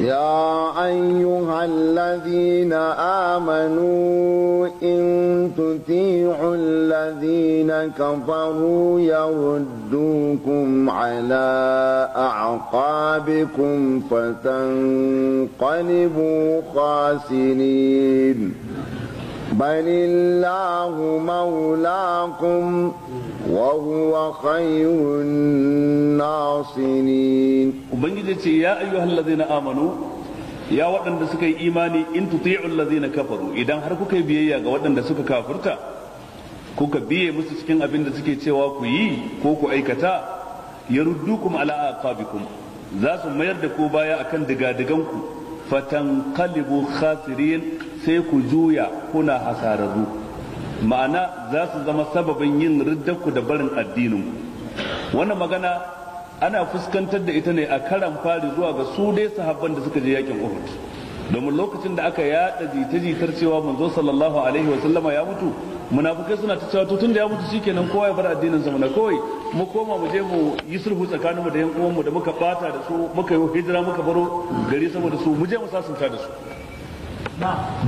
يا أيها الذين آمنوا إن تطيعوا الذين كفروا يردوكم على أعقابكم فتنقلبوا خاسرين بل الله مولاكم وهو خير الناصرين وبنجي يا ايها الذين امنوا ya waɗanda suka yi imani in tuti'ul ladzina kafaru idan har kuka biyayya ga waɗanda suka ko kuka biye musu cikin abin da suke cewa ku yi ko ku aikata yaruddukum ala aqabikum za su mayar da ko baya akan digadigan ku fatanqalibu khasirin sai ku juya kuna hasararru ma'ana za su zama sababin yin riddarku da barin addinin wannan magana ana fuskantar da ita ne a karan fari zuwa ga su dai sahabban da suka je yakin Uhud domin lokacin da aka yada jita-jitar cewa manzo sallallahu alaihi wasallama ya mutu munafukai suna ta cewa tun da ya mutu shikenan kowa ya bar addinin sa kawai mu koma mu je mu yi sulhu tsakanin mu da yan uwan mu da muka bata da su muka yi hijira muka baro gari saboda su mu je mu sasanta da su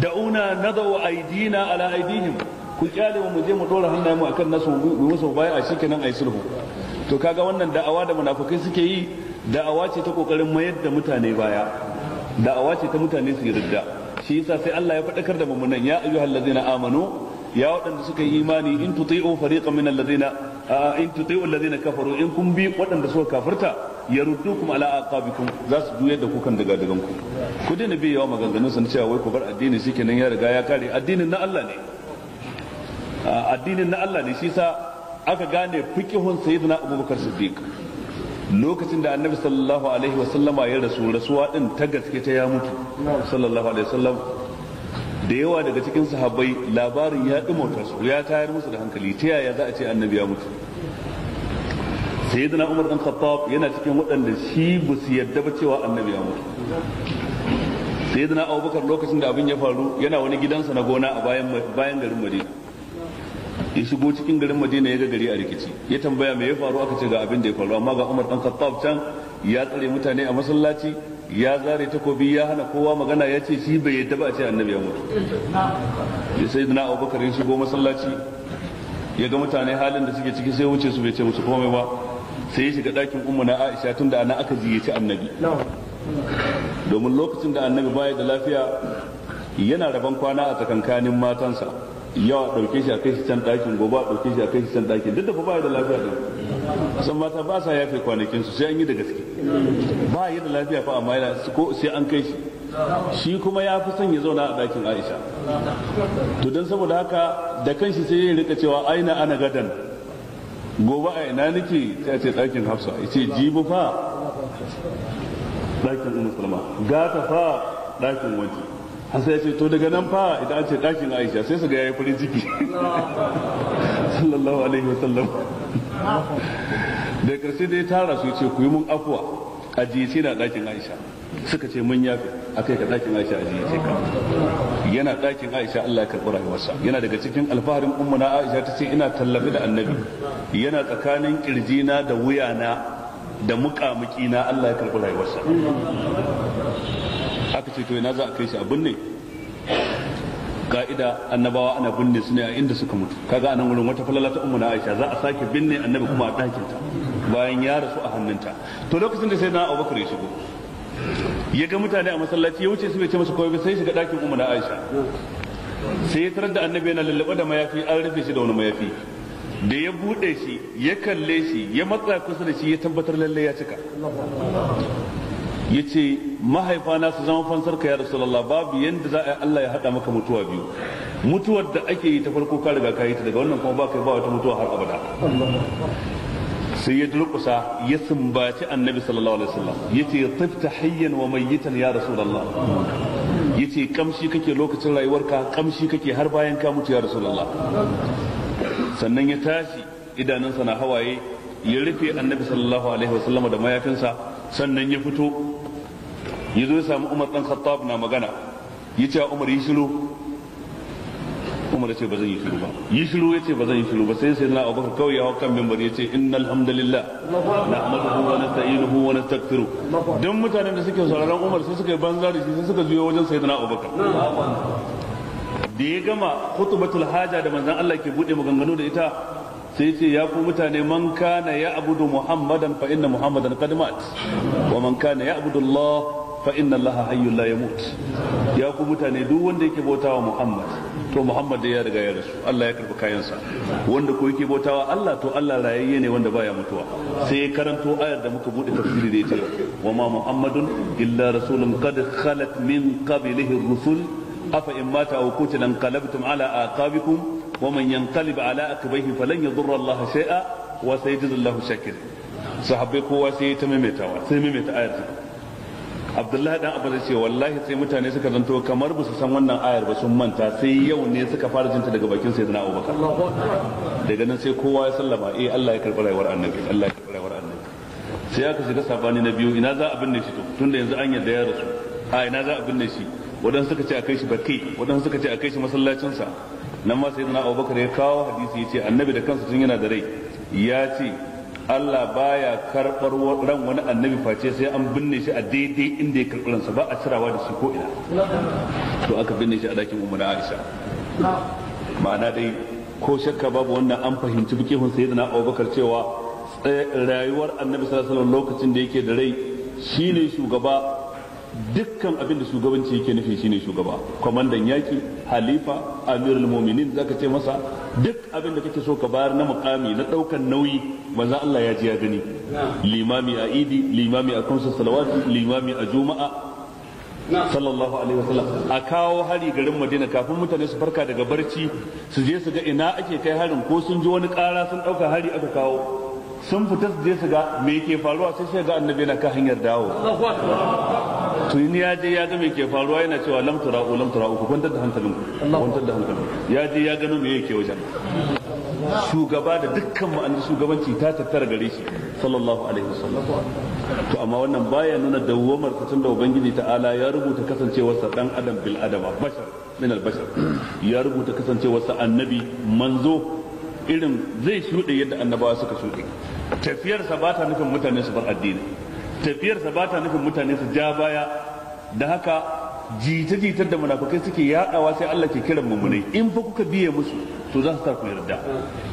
da'una nadau aidina ala aidihim ku kyale mu je mu dora hannaye mu akan nasu mu musu baya a shikenan ayi sulhu to kaga wannan da'awa da munafukai suke yi da'awa ce ta kokarin mayar da mutane baya da'awa ce ta mutane su yarda shi yasa sai Allah ya faɗakar da mu nan ya na amanu ya waɗanda suka yi imani in tuti'u fariqan min alladhina in tuti'u alladhina kafaru in kun bi waɗanda suka kafirta yaruddukum ala aqabikum za su juyar da kukan daga dagan ku ku dina bi yawa maganganun sun cewa wai ku bar addini nan ya riga ya kare addinin na Allah ne addinin na Allah ne shi sa aka gane fiqihun sayyidina Abubakar Siddiq lokacin da annabi sallallahu alaihi wasallama ya rasu rasuwa din ta gaske ta ya mutu sallallahu alaihi wasallam da yawa daga cikin sahabbai labarin ya dumauta su ya tayar musu da hankali ta yaya za a ce annabi ya mutu sayyidina umar dan khattab yana cikin waɗanda shi ba su yarda ba cewa annabi ya mutu sayyidina abubakar lokacin da abin ya faru yana wani gidansa na gona a bayan garin madina ya shigo cikin garin madina ya ga gari a rikici ya tambaya me ya faru aka ce ga abin da ya faru amma ga umar dan khattab can ya tsare mutane a masallaci ya zare takobi ya hana kowa magana ya ce shi bai yadda ba a ce annabi ya mutu ya sai na abubakar ya shigo masallaci ya ga mutane halin da suke ciki sai wuce su bai ce musu komai ba sai ya shiga ɗakin umma na aisha tun da ana aka ziyarci annabi domin lokacin da annabi baya da lafiya yana rabon kwana a tsakankanin matansa yawa ɗauke shi a kai shi can ɗakin gobe a ɗauke shi a kai shi can ɗakin duk da fa baya da lafiya ɗin san mata ba sa yafe kwanakin su sai an yi da gaske ba yi da lafiya fa amma yana ko sai an kai shi shi kuma ya fi son ya zauna a ɗakin Aisha to dan saboda haka da kanshi sai ya rika cewa aina ana gadan gobe a ina nake sai a ce ɗakin Hafsa ya ce jibi fa ɗakin Ummu Salma gata fa ɗakin waje har sai ya ce to daga nan fa idan an ce ɗakin Aisha sai su ga yayi farin ciki sallallahu alaihi wasallam da karshe dai tara su ce ku yi mun afuwa a jiyace na ɗakin aisha suka ce mun yafe a kai ka ɗakin aisha a jiyace ka yana ɗakin aisha allah ya karɓi rayuwarsa yana daga cikin alfaharin ummuna aisha ta ce ina tallafi da annabi yana tsakanin kirjina da wuyana da muƙamuƙina allah ya karɓi rayuwarsa aka ce to yana za a kai shi abin ne ka'ida annabawa ana binne su ne a inda suka mutu kaga anan wurin wata falala ta ummu na Aisha za a sake binne annabi kuma a dakin ta bayan ya rasu a hannunta to lokacin da sai na Abubakar ya shigo ya ga mutane a masallaci ya wuce su bai ce masa kawai sai shiga dakin ummu na Aisha sai ya tarar da annabi yana lallaba da mayafi an rufe shi da wani mayafi da ya bude shi ya kalle shi ya matsa kusa da shi ya tabbatar lalle ya cika ya ce mahaifana su zama fansar ka ya rasulallah babu yadda za a Allah ya hada maka mutuwa biyu mutuwar da ake yi ta farko ka riga ka yi ta daga wannan kuma ba kai ba wata mutuwa har abada sai ya durkusa ya sumbaci annabi sallallahu alaihi wasallam ya ce tafta hayyan wa mayyitan ya rasulallah ya ce kamshi kake lokacin rayuwarka kamshi kake har bayan ka mutu ya rasulallah sannan ya tashi idanunsa na hawaye ya rufe annabi sallallahu alaihi wasallam da mayafinsa sannan ya fito ya zo ya samu umar dan khattab na magana ya ce umar yi shiru umar ya ce ba zan yi shiru ba yi shiru ya ce ba zan yi shiru ba sai sai na abubakar kawai ya hau kan mimbar ya ce innal hamdalillah nahmaduhu wa nasta'inuhu wa nastaghfiru dan mutanen da suke sauraron umar sai suka yi banza da shi sai suka juyo wajen sayyidina abubakar da ya gama khutbatul haja da manzon Allah ke bude maganganu da ita sai ce ya ku mutane man kana ya abudu muhammadan fa inna muhammadan qad mat wa man kana ya abudu Allah fa inna Allah hayyul la yamut ya ku mutane duk wanda yake bautawa Muhammad to Muhammad da ya riga ya rasu Allah ya karbi kayansa wanda ko yake bautawa Allah to Allah rayayye ne wanda baya mutuwa sai ya karanto ayar da muka bude tafsiri da ita wa ma Muhammadun illa rasulun qad khalat min qablihi ar-rusul afa in mata aw qutila qalabtum ala aqabikum ومن ينقلب على عقبيه فلن يضر الله شيئا وسيجزي الله شاكرا sahabbai kowa sai ya ta maimaitawa sai maimaita ayar abdullahi dan abu ce wallahi sai mutane suka zanto kamar ba su san wannan ayar ba sun manta sai yau ne suka fara jinta daga bakin sayyidina abubakar daga nan sai kowa ya sallama eh Allah ya karɓi rayuwar annabi Allah ya karɓi rayuwar annabi sai aka shiga sabani na biyu ina za a binne shi to tunda yanzu an yarda ya rasu a ina za a binne shi wadansu suka ce a kai shi bakai wadansu suka ce a kai shi masallacinsa nan ma sayyidina abubakar ya kawo hadisi ya ce annabi da kansa tun yana da rai ya ce Allah baya karɓar ran wani annabi face sai an binne shi a daidai inda ya karɓi ransa ba a cirawa da shi ko ina to aka binne shi a dakin umar Aisha ma'ana dai ko shakka babu wannan an fahimci sai da na Abubakar cewa rayuwar annabi sallallahu alaihi wasallam lokacin da yake da rai shine shugaba dukkan abin da shugabanci yake nufi shine shugaba kwamandan yaki halifa amirul mu'minin zaka ce masa duk abin da kake so ka bayar na mukami na daukan nauyi manzo Allah ya ji ya gani limami a idi limami a kunsa salawati limami a juma'a sallallahu alaihi wasallam a kawo hari garin madina kafin mutane su farka daga barci su je su ga ina ake kai harin ko sun ji wani kara sun dauka hari aka kawo sun fita su je su ga me ke faruwa sai sai ga annabi na ka hanyar dawo tuni ya je ya ga me ke faruwa yana cewa lam tura'u lam tura'u ku kwantar da hankalin kwantar da hankalin ya je ya gano me yake wajen shugaba da dukkan ma'anar shugabanci ta tattara gare shi sallallahu alaihi wasallam to amma wannan baya nuna dawwamar tun da ubangiji ta'ala ya rubuta kasancewarsa dan adam bil adama bashar min al bashar ya rubuta kasancewarsa annabi manzo irin zai shuɗe yadda annabawa suka shuɗe tafiyarsa ba ta nufin mutane su bar addini tafiyarsa ba ta nufin mutane su ja baya da haka jita-jitar da munafukai suke yaɗawa sai Allah ke kiran mummunai in fa kuka biye musu to za su ku yarda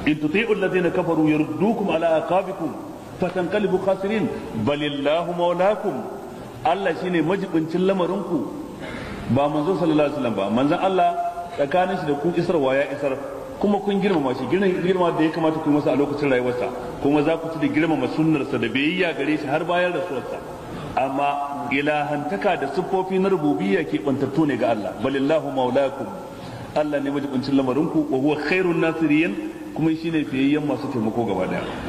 in tuti'u allazina kafaru yardukum ala aqabikum fatanqalibu khasirin balillahu mawlakum Allah shine majibincin lamarinku ba manzo sallallahu alaihi wasallam ba manzo Allah tsakanin shi da ku isarwa ya isar kuma kun girmama shi girma da ya kamata ku yi masa a lokacin rayuwarsa kuma za ku ci da girmama sunnarsa da biyayya gare shi har bayan rasuwarsa amma ilahantaka da siffofi na rububiyya ke bantattu ne ga Allah balillahu maulakum Allah ne majibincin lamarinku wa huwa khairun nasiriyan kuma shine fiyayyen masu taimako gaba daya